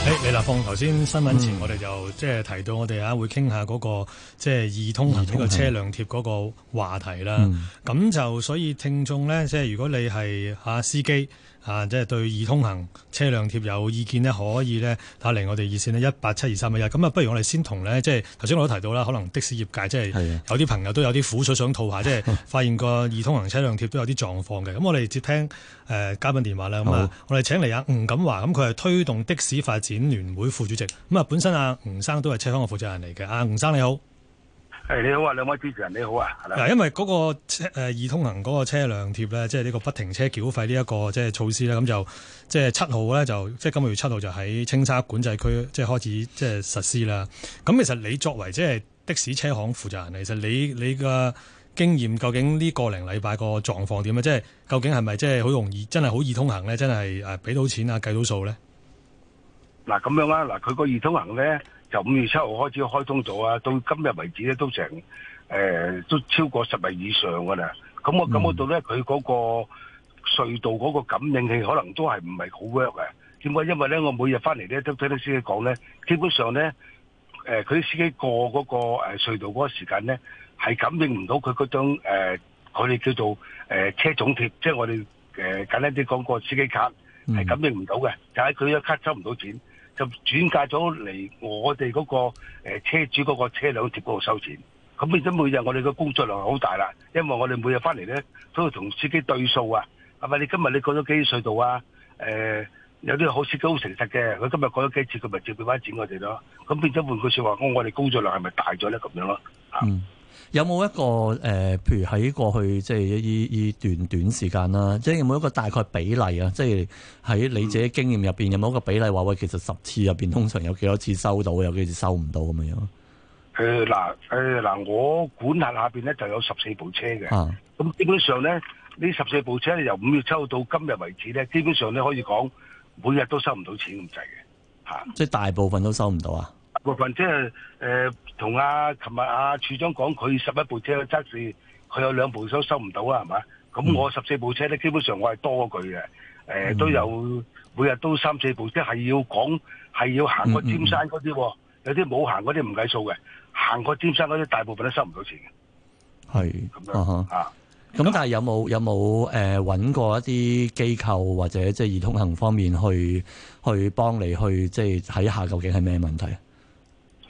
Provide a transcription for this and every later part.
誒，李立鳳頭先新聞前，我哋就即係提到我哋啊，會傾下嗰個即係易通行呢個車輛貼嗰個話題啦。咁就所以聽眾咧，即係如果你係啊司機。啊！即、就、係、是、對易通行車輛貼有意見呢，可以呢打嚟我哋熱線呢，一八七二三一一。咁啊，不如我哋先同呢，即係頭先我都提到啦，可能的士業界即係有啲朋友都有啲苦水想吐下，是的 即係發現個易通行車輛貼都有啲狀況嘅。咁 我哋接聽誒、呃、嘉賓電話啦。咁啊好，我哋請嚟阿吳錦華，咁佢係推動的士發展聯會副主席。咁啊，本身阿吳生都係車行嘅負責人嚟嘅。阿、啊、吳生你好。誒、啊，你好啊，兩位主持人，你好啊。嗱，因為嗰個誒、呃、易通行嗰個車輛貼咧，即係呢個不停車繳費呢一個即係措施咧，咁就即係七號咧，就即、是、係、就是、今個月七號就喺青沙管制區即係開始即係、就是、實施啦。咁其實你作為即係的士車行負責人，其實你你嘅經驗究竟呢個零禮拜個狀況點咧？即、就、係、是、究竟係咪即係好容易，真係好易通行咧？真係誒俾到錢啊，計到數咧？嗱，咁樣啦，嗱，佢個易通行咧。就五月七號開始開通咗啊！到今日為止咧都成誒、呃、都超過十萬以上㗎啦。咁我感覺到咧，佢嗰、嗯、個隧道嗰個感應器可能都係唔係好 work 嘅。點解？因為咧，我每日翻嚟咧都聽到司機講咧，基本上咧誒佢啲司機過嗰個隧道嗰個時間咧，係感應唔到佢嗰種佢哋、呃、叫做誒、呃、車輛貼即係我哋誒、呃、簡單啲講個司機卡，係感應唔到嘅，就係佢一卡收唔到錢。就轉嫁咗嚟我哋嗰個誒車主嗰個車輛貼嗰收錢，咁變咗每日我哋嘅工作量好大啦，因為我哋每日翻嚟咧都會同司機對數啊，係咪你今日你過咗幾次隧道啊？呃、有啲好司機好誠實嘅，佢今日過咗幾次，佢咪接俾翻錢我哋咯，咁變咗換句說話，我我哋工作量係咪大咗咧咁樣咯？嗯。有冇一個誒、呃，譬如喺過去即係呢依段短時間啦，即係有冇一個大概比例啊，即係喺你自己的經驗入邊有冇一個比例話喂，其實十次入邊通常有幾多次收到，有幾次收唔到咁樣？誒、呃，嗱、呃，誒，嗱，我管轄下邊咧就有十四部車嘅，咁、啊、基本上咧呢十四部車由五月七號到今日為止咧，基本上咧可以講每日都收唔到錢咁滯嘅，吓、啊，即係大部分都收唔到啊，大部分即係誒。呃同阿琴日阿處長講，佢十一部車測試，佢有兩部收收唔到啊，係嘛？咁我十四部車咧，嗯、基本上我係多過佢嘅。誒、呃，嗯、都有每日都三四部車，係要講，係要行過尖山嗰啲，嗯嗯、有啲冇行嗰啲唔計數嘅。行過尖山嗰啲，大部分都收唔到錢嘅。係咁是樣、uh、huh，啊，咁但係有冇有冇誒揾過一啲機構或者即係易通行方面去去幫你去即係睇下究竟係咩問題？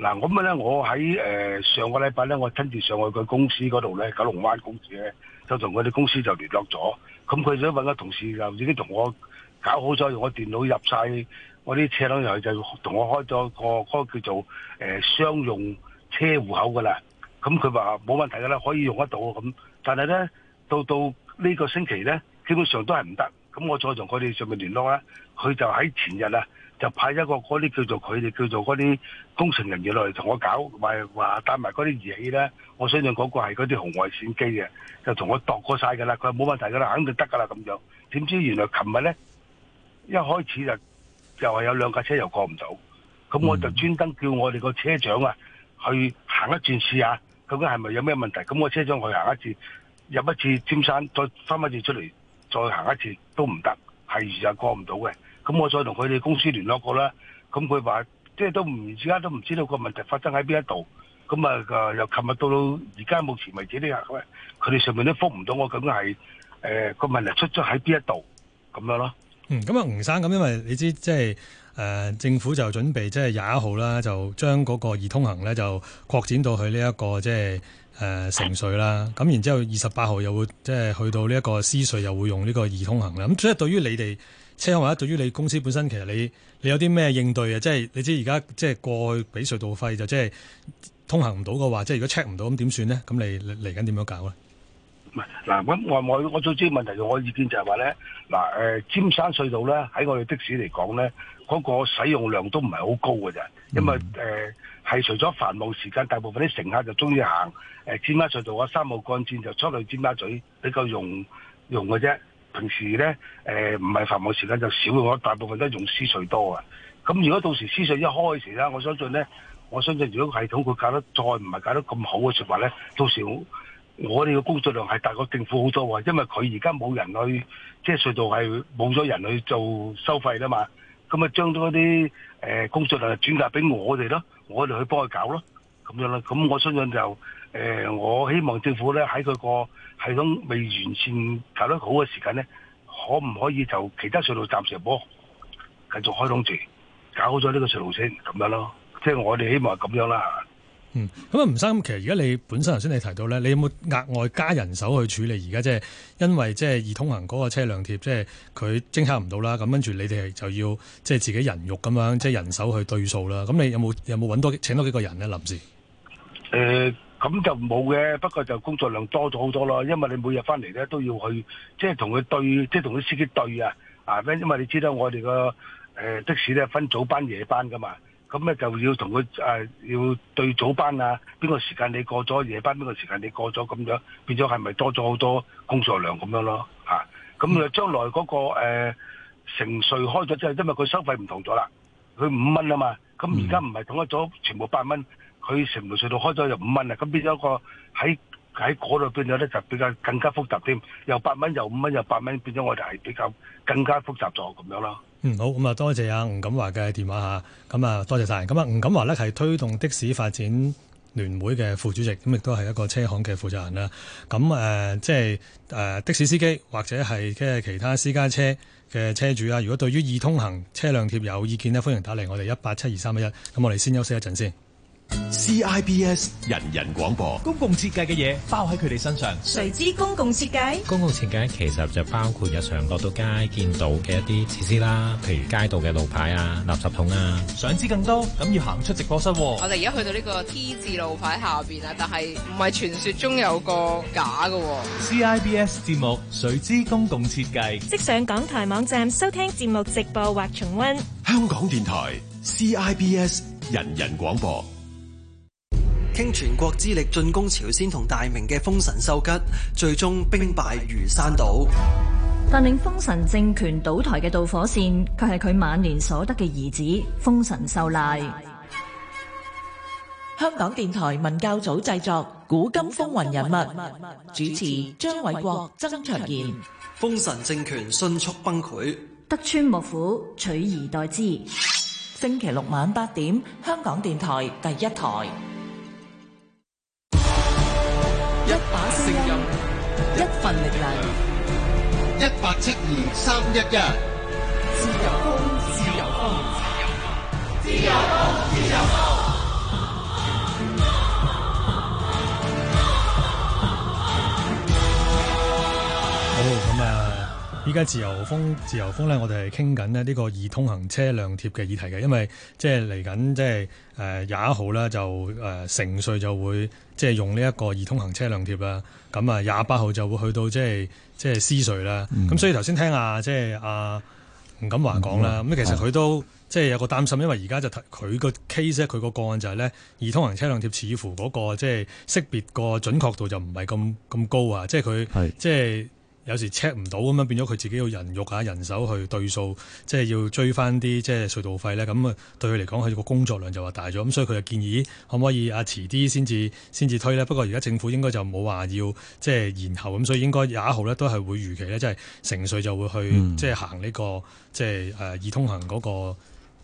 嗱咁啊咧，我喺，呃、上個禮拜咧，我親自上去佢公司嗰度咧，九龍灣公司咧，就同佢哋公司就聯絡咗。咁佢想揾個同事就已經同我搞好咗，用我電腦入曬我啲車輛入去，就同我開咗個嗰叫做，呃、商用車戶口噶啦。咁佢話冇問題噶啦，可以用得到咁。但係咧，到到呢個星期咧，基本上都係唔得。咁我再同佢哋上面聯絡咧，佢就喺前日呢。就派一個嗰啲叫做佢哋叫做嗰啲工程人員落嚟同我搞，埋話帶埋嗰啲儀器咧。我相信嗰個係嗰啲紅外線機嘅，就同我度過晒㗎啦。佢話冇問題㗎啦，肯定得㗎啦咁樣。點知原來琴日咧，一開始就又係有兩架車又過唔到，咁我就專登叫我哋個車長啊去行一轉試下，究竟係咪有咩問題？咁我車長去行一次，入一次尖山，再翻一次出嚟，再行一次都唔得，係又過唔到嘅。咁我再同佢哋公司聯絡過啦，咁佢話即係都唔知而家都唔知道個問題發生喺邊一度，咁啊又琴日到到而家目前為止呢，佢佢哋上面都覆唔到我，咁係誒個問題出咗喺邊一度咁樣咯。嗯，咁、嗯、啊，吳生咁，因為你知即係誒政府就準備即係廿一號啦，就，是、就將嗰個易通行咧就擴展到去呢一個即係誒城隧啦。咁、就是呃、然之後二十八號又會即係、就是、去到呢一個獅隧又會用呢個易通行啦。咁所以對於你哋，車行或者對於你公司本身，其實你你有啲咩應對啊？即係你知而家即係過去俾隧道費就即係通行唔到嘅話，即係如果 check 唔到咁點算咧？咁你嚟緊點樣搞咧？唔係嗱，咁我我我最主要的問題就我嘅意見就係話咧，嗱誒尖山隧道咧喺我哋的，的士嚟講咧嗰、嗰個使用量都唔係好高嘅啫，因為誒係、嗯呃、除咗繁忙時間，大部分啲乘客就中意行誒、呃、尖山隧道或三號幹線就出去尖沙咀比較用用嘅啫。容易容易平時咧，誒唔係繁忙時間就少，我大部分都係用私隧多啊。咁如果到時私隧一開時啦，我相信咧，我相信如果系統佢搞得再唔係搞得咁好嘅說話咧，到時我哋嘅工作量係大過政府好多啊，因為佢而家冇人去，即係隧道係冇咗人去做收費啦嘛。咁啊將咗一啲誒工作量轉嫁俾我哋咯，我哋去幫佢搞咯，咁樣啦。咁我相信就。誒、呃，我希望政府咧喺佢個系統未完善，搞得好嘅時間咧，可唔可以就其他隧道暫時唔好繼續開通住，搞好咗呢個隧道先咁樣咯。即係我哋希望咁樣啦。嗯，咁啊，吳生，其實而家你本身頭先你提到咧，你有冇額外加人手去處理？而家即係因爲即係易通行嗰個車輛貼，即係佢偵測唔到啦。咁跟住你哋就要即係自己人肉咁樣，即、就、係、是、人手去對數啦。咁你有冇有冇搵多請多幾個人咧？臨時誒。欸。咁就冇嘅，不過就工作量多咗好多咯，因為你每日翻嚟咧都要去，即係同佢對，即係同啲司機對啊，啊，因為你知道我哋個誒的士咧分早班夜班噶嘛，咁咧就要同佢誒要對早班啊，邊個時間你過咗夜班，邊個時間你過咗咁樣，變咗係咪多咗好多工作量咁樣咯，啊，咁啊將來嗰、那個誒成稅開咗之後，因為佢收費唔同咗啦，佢五蚊啊嘛。咁而家唔係統一咗全部八蚊，佢城門隧道開咗又五蚊啦，咁變咗個喺喺嗰度變咗咧就比較更加複雜添，由八蚊又五蚊又八蚊，變咗我就係比較更加複雜咗咁樣咯。嗯，好，咁、嗯、啊多謝阿吳錦華嘅電話嚇，咁啊多謝晒。咁啊吳錦華咧係、嗯、推動的士發展。聯會嘅副主席，咁亦都係一個車行嘅負責人啦。咁誒、呃，即係誒、呃、的士司機或者係即係其他私家車嘅車主啊。如果對於易通行車輛貼有意見呢，歡迎打嚟我哋一八七二三一一。咁我哋先休息一陣先。CIBS 人人廣播，公共設計嘅嘢，包喺佢哋身上。誰知公共設計？公共設計其實就包括日常落到街見到嘅一啲設施啦，譬如街道嘅路牌啊、垃圾桶啊。想知更多咁要行出直播室。我哋而家去到呢個 T 字路牌下面啊，但係唔係傳說中有個假嘅 CIBS 節目。誰知公共設計？即上港台網站收聽節目直播或重温香港電台 CIBS 人人廣播。傾全國之力進攻朝鮮同大明嘅豐臣秀吉，最終兵敗如山倒。但令豐臣政權倒台嘅導火線，卻係佢晚年所得嘅兒子豐臣秀賴。香港電台文教組製作《古今風雲人物》人物，主持張偉國、曾卓賢。豐臣政權迅速崩潰，德川幕府取而代之。星期六晚八點，香港電台第一台。一份力量，一八七二三一一，自由風，自由風，自由風，自由風。自而家自由風自由風咧，我哋係傾緊咧呢個易通行車輛貼嘅議題嘅，因為即係嚟緊即係誒廿一號咧就誒城隧就會即係用呢一個易通行車輛貼啦。咁啊廿八號就會去到即係即係私隧啦。咁、嗯、所以頭先聽阿即係啊，吳錦華講啦。咁、嗯、其實佢都即係有個擔心，因為而家就佢個 case 咧，佢個個案就係咧易通行車輛貼似乎嗰、那個即係識別個準確度就唔係咁咁高啊。即係佢是即係。有時 check 唔到咁樣變咗佢自己要人肉啊、人手去對數，即係要追翻啲即係隧道費咧。咁啊，對佢嚟講，佢個工作量就話大咗咁，所以佢就建議可唔可以啊遲啲先至先至推咧。不過而家政府應該就冇話要即係延後咁，所以應該廿一號咧都係會預期咧，即係程序就會去、嗯這個、即係行呢個即係易通行嗰個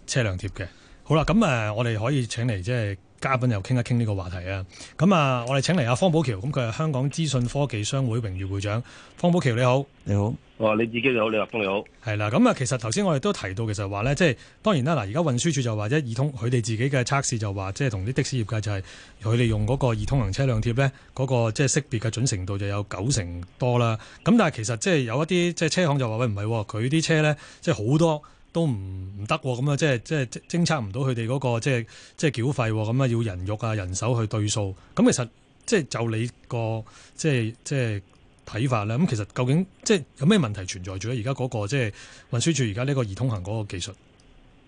車輛貼嘅。好啦，咁我哋可以請嚟即係。嘉賓又傾一傾呢個話題啊！咁啊，我哋請嚟阿方保僑，咁佢係香港資訊科技商會榮譽會長。方保僑你好，你好。哇好、哦！你自己你好，方立峯你好。係啦，咁啊，其實頭先我哋都提到，其實話咧，即係當然啦。嗱，而家運輸署就話咧，易通佢哋自己嘅測試就話，即係同啲的士業界就係佢哋用嗰個易通行車輛貼咧，嗰、那個即係識別嘅準程度就有九成多啦。咁但係其實即係有一啲即係車行就話喂，唔係，佢啲車咧即係好多。都唔唔得咁啊！即係即係偵測唔到佢哋嗰個即係即係繳費咁啊，要人肉啊人手去對數。咁其實即係就你個即係即係睇法啦。咁其實究竟即係有咩問題存在住咧？而家嗰個即係運輸署而家呢個易通行嗰個技術。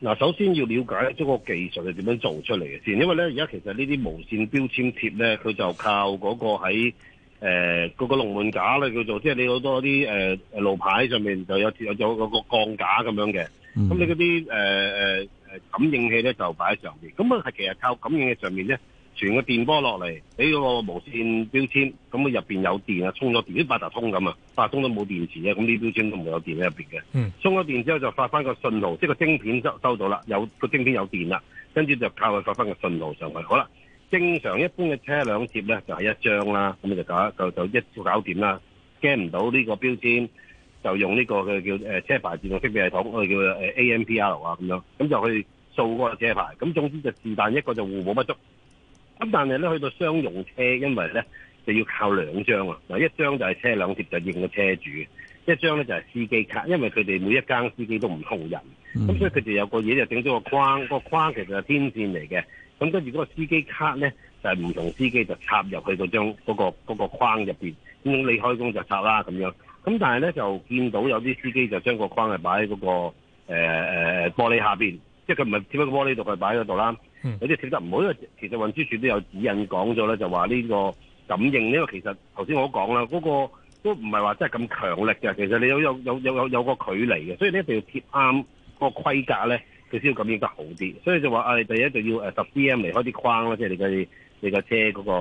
嗱，首先要了解呢個技術係點樣做出嚟嘅先。因為咧，而家其實呢啲無線標籤貼咧，佢就靠嗰個喺誒嗰個龍門架咧叫做，即係你好多啲誒誒路牌上面就有有有個鋼架咁樣嘅。咁、嗯、你嗰啲誒誒誒感應器咧就擺喺上邊，咁啊係其實靠感應器上面咧，傳個電波落嚟俾個無線標籤，咁啊入邊有電啊，充咗電，啲八達通咁啊，八達通都冇電池嘅，咁呢標籤都冇有電喺入邊嘅，充咗電之後就發翻個信號，即係個晶片收收到啦，有個晶片有電啦，跟住就靠佢發翻個信號上去，好啦，正常一般嘅車輛貼咧就係、是、一張啦，咁就，就，就搞就就一就搞掂啦，驚唔到呢個標籤。就用呢個嘅叫誒車牌自動識別系統，我哋叫 AMPR 啊咁樣，咁就去掃嗰個車牌。咁總之就是但一個就互補不足。咁但係咧去到商用車，因為咧就要靠兩張啊，嗱一張就係車輛貼就認個車主，一張咧就係司機卡，因為佢哋每一間司機都唔同人，咁、嗯、所以佢哋有個嘢就整咗個框，嗰個框其實係天線嚟嘅。咁跟住嗰個司機卡咧就係、是、唔同司機就插入去嗰張嗰個框入邊，咁你開工就插啦咁樣。咁但係咧就見到有啲司機就將，嗰個框係擺喺嗰個誒玻璃下邊，即係佢唔係貼喺個玻璃度，佢擺喺度啦。有啲貼得唔好，因為其實運輸署都有指引講咗咧，就話呢個感應，因為其實頭先我講啦，嗰、嗰個都唔係話真係咁強力嘅，其實你有有有有有有個距離嘅，所以你一定要貼啱嗰個規格咧，佢先會感應得好啲。所以就話啊，你第一，要一就要誒十 cm 離開啲框啦，即係你嘅你、個車嗰個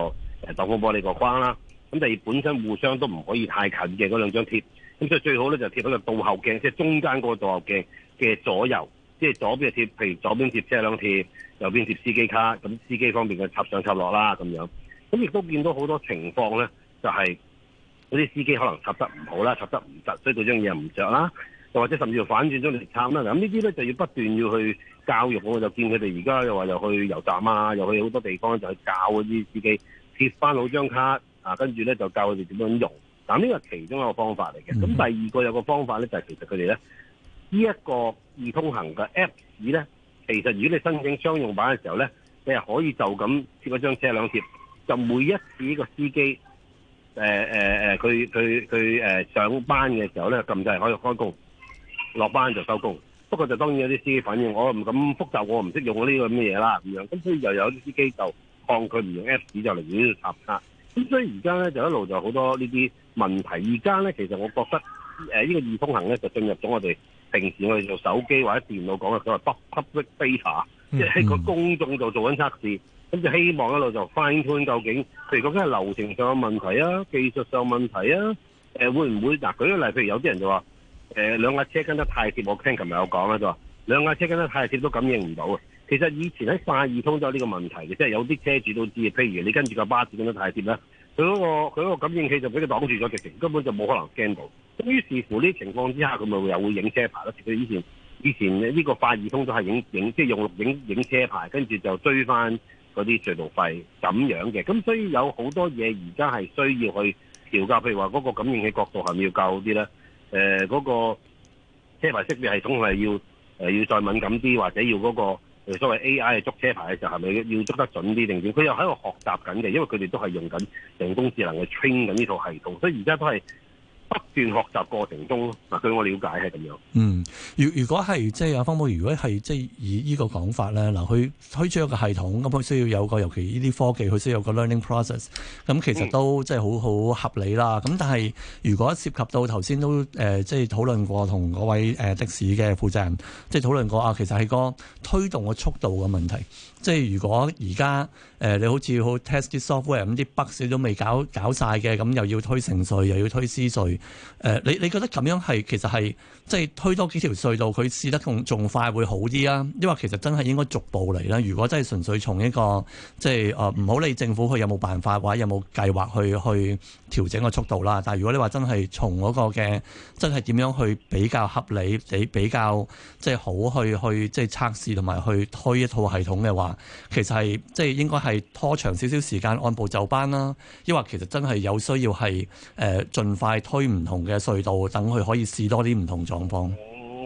擋風玻璃個框啦。咁第二，本身互相都唔可以太近嘅，嗰兩張貼，咁所以最好咧就貼喺個倒後鏡，即係中間嗰個倒後鏡嘅左右，即係左邊貼，譬如左邊貼車輛貼，右邊貼司機卡，咁司機方面嘅插上插落啦咁樣。咁亦都見到好多情況咧，就係嗰啲司機可能插得唔好啦，插得唔實，所以嗰張嘢唔着啦，又或者甚至反轉咗嚟插啦。咁呢啲咧就要不斷要去教育，我就見佢哋而家又話又去油站啊，又去好多地方就去教嗰啲司機貼翻好張卡。啊，跟住咧就教佢哋點樣用，嗱呢個其中一個方法嚟嘅。咁第二個有個方法咧，就係其實佢哋咧呢一個易通行嘅 Apps 咧，其實如果你申請商用版嘅時候咧，你可以就咁貼嗰張車輛貼，就每一次呢個司機，誒誒誒，佢佢佢上班嘅時候咧撳掣可以開工，落班就收工。不過就當然有啲司機，反應我唔敢複雜，我唔識用我呢個咩嘢啦咁樣。咁所以又有啲司機就抗拒唔用 Apps 就嚟呢度插卡。咁所以而家咧就一路就好多呢啲問題。而家咧其實我覺得誒呢、呃這個易通行咧就進入咗我哋平時我哋做手機或者電腦講嘅所謂 public beta，即係、mm hmm. 個公眾度做緊測試，咁就希望一路就 fine-tune 究竟譬如究竟係流程上有問題啊，技術上問題啊，誒、呃、會唔會嗱、啊、舉個例，譬如有啲人就話誒、呃、兩架車跟得太貼，我聽琴日有講咧就話兩架車跟得太貼都感應唔到啊。其實以前喺快易通都有呢個問題嘅，即係有啲車主都知，譬如你跟住個巴士咁樣太貼啦，佢嗰、那個佢個感應器就俾佢擋住咗，直情根本就冇可能 scan 到。咁於是乎呢情況之下，佢咪又會影車牌咯？其實以前以前呢個快易通都係影影，即係用影影車牌，跟住就追翻嗰啲隧道費咁樣嘅。咁所以有好多嘢而家係需要去調教，譬如話嗰個感應器角度係咪要夠啲咧？誒、呃，嗰、那個車牌識別系統係要誒、呃、要再敏感啲，或者要嗰、那個。所謂 AI 係捉車牌嘅時候，係咪要捉得準啲定點？佢又喺度學習緊嘅，因為佢哋都係用緊人工智能去 train 緊呢套系統，所以而家都係。不斷學習過程中，嗱，據我了解係咁樣。嗯，如如果係即係阿方保，如果係即係以呢個講法咧，嗱，佢推出一個系統，咁佢需要有個尤其呢啲科技，佢需要有一個 learning process，咁其實都即係好好合理啦。咁但係如果涉及到頭先都誒即係討論過同嗰位誒的士嘅負責人即係討論過啊，其實係個推動嘅速度嘅問題，即係如果而家。呃、你好似好 test software 咁啲 bugs 都未搞搞晒嘅，咁又要推城隧又要推西隧、呃、你你覺得咁樣係其實係即係推多幾條隧道，佢試，試得仲仲快會好啲啊？因為其實真係應該逐步嚟啦。如果真係純粹從一個即係唔好理政府佢有冇辦法或者有冇計劃去去調整個速度啦。但係如果你話真係從嗰、那、嘅、個、真係點樣去比較合理比比較即係好去去即係測試同埋去推一套系統嘅話其實係即係應該。係拖長少少時間按部就班啦，抑或其實真係有需要係誒、呃、盡快推唔同嘅隧道，等佢可以試多啲唔同狀況。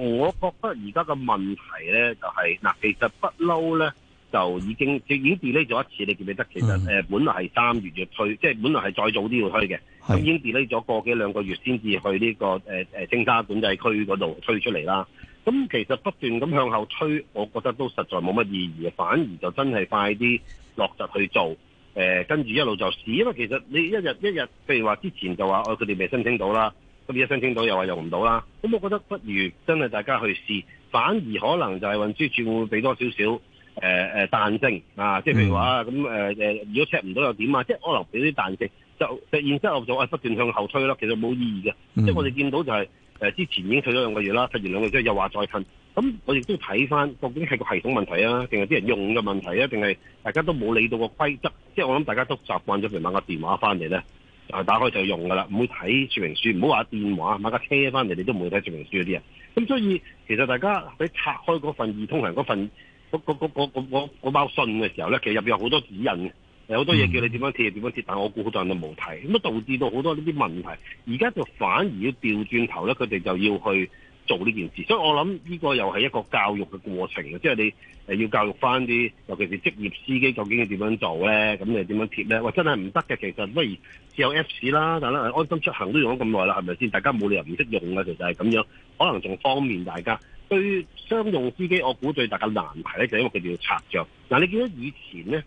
我覺得而家嘅問題咧就係、是、嗱，其實不嬲咧就已經 delay 咗一次，你記唔記得？其實誒本來係三月月推，嗯、即係本來係再早啲要推嘅，是已經 delay 咗個幾兩個月先至去呢、這個誒誒青沙管制區嗰度推出嚟啦。咁其實不斷咁向後推，我覺得都實在冇乜意義，反而就真係快啲落實去做。誒、呃，跟住一路就試，因為其實你一日一日，譬如話之前就話，哦，佢哋未申請到啦，咁一申請到又話用唔到啦。咁我覺得不如真係大家去試，反而可能就係運輸署會俾多少少誒誒彈性啊，即係譬如話咁誒如果 check 唔到又點啊？即係可能俾啲彈性，就實現之後就誒不斷向後推咯。其實冇意義嘅，mm. 即係我哋見到就係、是。誒之前已經退咗兩個月啦，退完兩個月之後又話再退，咁我亦都睇翻，究竟係個系統問題啊，定係啲人用嘅問題啊，定係大家都冇理到個規則，即係我諗大家都習慣咗，譬如買個電話翻嚟咧，啊打開就用噶啦，唔會睇說明書，唔好話電話，買架車翻嚟，你都唔會睇說明書嗰啲啊。咁所以其實大家喺拆開嗰份易通行嗰份嗰嗰嗰嗰嗰包信嘅時候咧，其實入邊有好多指引有好多嘢叫你點樣貼，又點樣貼，但我估好多人都冇睇，咁都導致到好多呢啲問題。而家就反而要掉轉頭咧，佢哋就要去做呢件事。所以我諗呢個又係一個教育嘅過程，即係你誒要教育翻啲，尤其是職業司機究竟要點樣做咧，咁你點樣貼咧？喂，真係唔得嘅。其實不如試下 Apps 啦，但係安心出行都用咗咁耐啦，係咪先？大家冇理由唔識用嘅，其實係咁樣，可能仲方便大家。對於商用司機，我估最大嘅難題咧，就係因為佢哋要拆賬。嗱，你記得以前咧？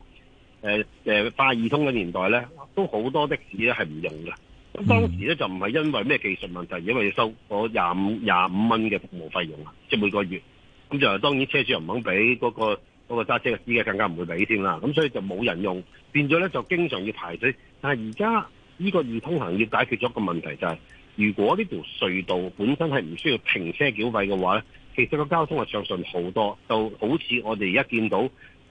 誒誒，快易、uh, 通嘅年代咧，都好多的士咧係唔用嘅。咁當時咧就唔係因為咩技術問題，而係因為要收個廿五廿五蚊嘅服務費用啊，即、就、係、是、每個月。咁就當然車主唔肯俾嗰、那個揸、那個、車嘅司機更加唔會俾先啦。咁所以就冇人用，變咗咧就經常要排隊。但係而家呢個易通行要解決咗個問題就係、是，如果呢條隧道本身係唔需要停車繳費嘅話咧，其實個交通係暢順好多，就好似我哋而家見到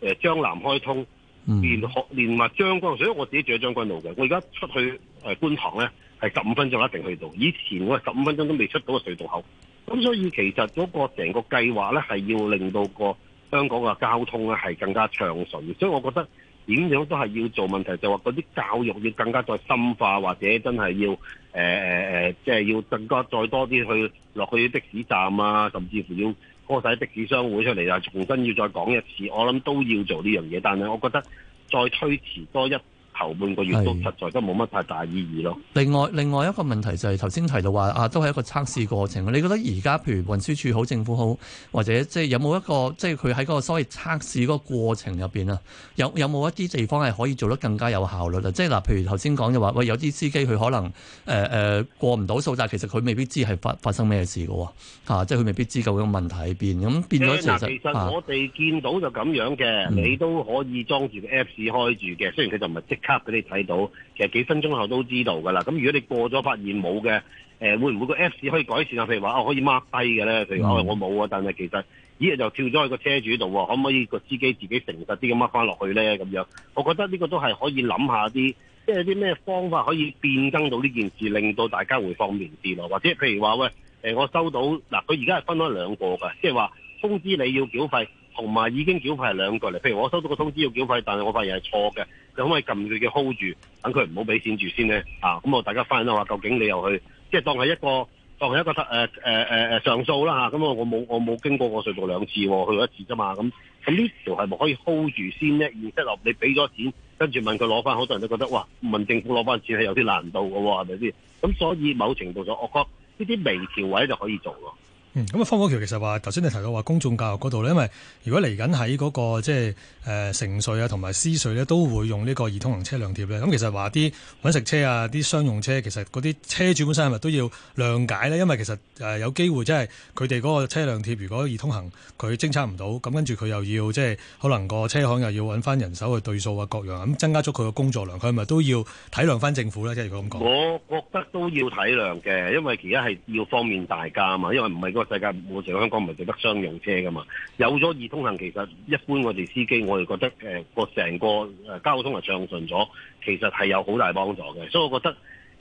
誒將、呃、南開通。嗯、連學連埋將軍澳，所以我自己住喺將軍澳嘅。我而家出去誒、呃、觀塘咧，係十五分鐘一定去到。以前我係十五分鐘都未出到個隧道口。咁所以其實嗰個成個計劃咧，係要令到、嗰個香港嘅交通咧係更加暢順。所以我覺得點樣都係要做問題，就話嗰啲教育要更加再深化，或者真係要誒即係要更加再多啲去落去的士站啊，甚至乎要。我喺的士商會出嚟啦，重新要再講一次，我諗都要做呢樣嘢，但係我覺得再推遲多一頭半個月都實在都冇乜太大意義咯。另外另外一個問題就係頭先提到話啊，都係一個測試過程。你覺得而家譬如運輸署好，政府好，或者即係有冇一個即係佢喺嗰個所謂測試嗰個過程入邊啊，有有冇一啲地方係可以做得更加有效率啊，有、呃、啊？即係嗱，譬如頭先講就話喂，有啲司機佢可能誒誒過唔到數，但係其實佢未必知係發發生咩事嘅喎吓，即係佢未必知究竟問題喺邊咁變咗、呃。其實我哋見到就咁樣嘅，嗯、你都可以裝住個 Apps 開住嘅，雖然佢就唔係即。俾佢你睇到，其實幾分鐘後都知道㗎啦。咁如果你過咗發現冇嘅，誒、呃、會唔會個 Apps 可以改善啊？譬如話，我、哦、可以 mark 低嘅咧。譬如我我冇啊，但係其實依嘢就跳咗去個車主度喎，可唔可以個司機自己誠實啲咁 mark 翻落去咧？咁樣，我覺得呢個都係可以諗下啲，即係啲咩方法可以變更到呢件事，令到大家會方便啲咯。或者譬如話，喂、呃，我收到嗱，佢而家係分開兩個㗎，即係話通知你要繳費同埋已經繳費係兩個嚟。譬如我收到個通知要繳費，但係我發現係錯嘅。就可唔可以撳佢嘅 hold 住，等佢唔好俾錢住先咧？啊，咁、嗯、我大家翻啦話，究竟你又去即係當係一個當係一個誒、呃呃呃、上訴啦咁、啊啊啊啊啊、我我冇我冇經過過稅部兩次、啊，去過一次咋嘛？咁呢條係咪可以 hold 住先咧？要一落你俾咗錢，跟住問佢攞翻，好多人都覺得哇，問政府攞翻錢係有啲難度嘅喎，係咪先？咁、啊、所以某程度上，我覺得呢啲微調位就可以做咯。咁啊，嗯、方保僑其實話頭先你提到話公眾教育嗰度呢，因為如果嚟緊喺嗰個即係誒城隧啊同埋私隧呢、啊，都會用呢個易通行車輛貼咧。咁、嗯、其實話啲揾食車啊、啲商用車，其實嗰啲車主本身係咪都要諒解呢？因為其實誒、呃、有機會即係佢哋嗰個車輛貼如果易通行佢偵測唔到，咁跟住佢又要即係、就是、可能個車行又要揾翻人手去對數啊各樣，咁、嗯、增加咗佢個工作量，佢係咪都要體諒翻政府呢？即係如果咁講，我覺得都要體諒嘅，因為而家係要方便大家啊嘛，因為唔係世界冇成香港唔係淨得商用車㗎嘛，有咗易通行，其實一般我哋司機我哋覺得誒、呃、個成個誒交通係暢順咗，其實係有好大幫助嘅。所以我覺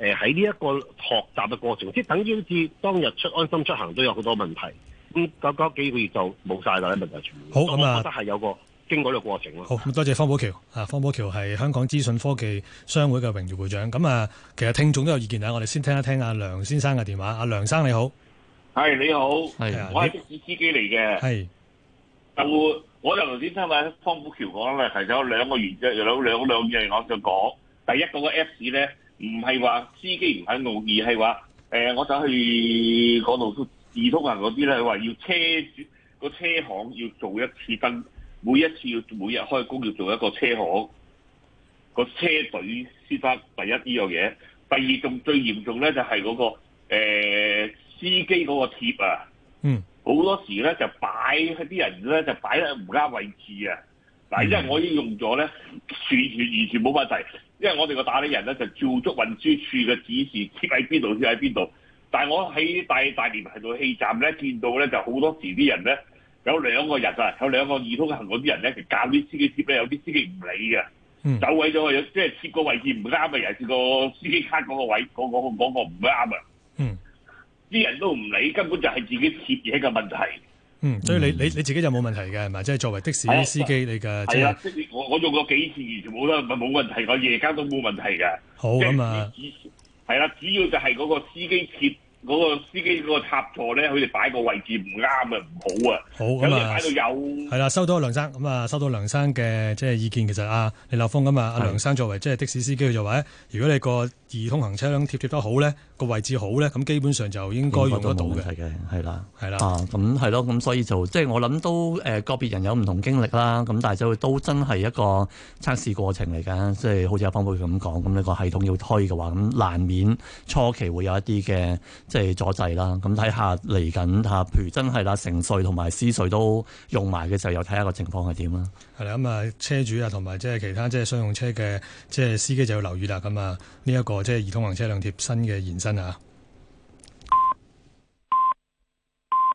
得誒喺呢一個學習嘅過程，即係等於好似當日出安心出行都有好多問題，咁嗰嗰幾個月就冇晒第一問題。全好，咁啊，我覺得係有個經過嘅過程咯。好，咁多謝，謝方保僑啊，方保僑係香港資訊科技商會嘅榮譽會長。咁啊，其實聽眾都有意見啊，我哋先聽一聽阿梁先生嘅電話。阿梁生你好。係你好，係、啊、我係的士司機嚟嘅。係，我就頭先聽埋喺方保僑講咧，提咗兩個原則，有兩兩嘢我想講。第一嗰、那個 Apps 咧，唔係話司機唔肯用，而係話誒，我想去嗰度易通行嗰啲咧，佢話要車主個車行要做一次登，每一次要每日開工要做一個車行個車隊先得，第一呢樣嘢。第二仲最嚴重咧，就係、是、嗰、那個誒。呃司機嗰個貼啊，嗯，好多時咧就擺啲人咧就擺得唔啱位置啊！嗱、嗯，因為我已經用咗咧，完全，全完全冇問題。因為我哋個打理人咧就照足運輸處嘅指示貼喺邊度，貼喺邊度。但我喺大大連排道氣站咧，見到咧就好多時啲人咧有兩個人啊，有兩個易通行嗰啲人咧，教啲司機貼咧，有啲司機唔理嘅，走位咗有即係貼個位置唔啱嘅人，尤其係個司機卡嗰個位，嗰個嗰個唔啱、那個、啊！啲人都唔理，根本就係自己設嘅問題。嗯，所以你你你自己就冇問題嘅，係咪？即係作為的士司機，的你嘅。係、就、啊、係，我我用過幾次完全冇啦，唔係冇問題。我夜間都冇問題嘅。好咁啊係啦，主要就係嗰個司機設。嗰個司機嗰個插座咧，佢哋擺個位置唔啱啊，唔好啊，咁你、嗯啊、擺到有係啦，收到梁生咁、嗯、啊，收到梁生嘅即係意見。其實啊，李立峰咁啊，阿梁生作為即係的士司機就，就話的如果你個易通行車輛貼貼得好咧，個位置好咧，咁基本上就應該用得到嘅係嘅，係啦，係啦，咁係咯，咁的、啊、所以就即係、就是、我諗都誒、呃、個別人有唔同經歷啦，咁但係就都真係一個測試過程嚟㗎。即、就、係、是、好似阿方博士咁講，咁呢個系統要推嘅話，咁難免初期會有一啲嘅。即係阻滯啦，咁睇下嚟緊嚇，譬如真係啦，城隧同埋私隧都用埋嘅時候，又睇下個情況係點啦。係啦，咁啊車主啊，同埋即係其他即係商用車嘅即係司機就要留意啦。咁啊、這個，呢一個即係易通行車輛貼新嘅延伸啊。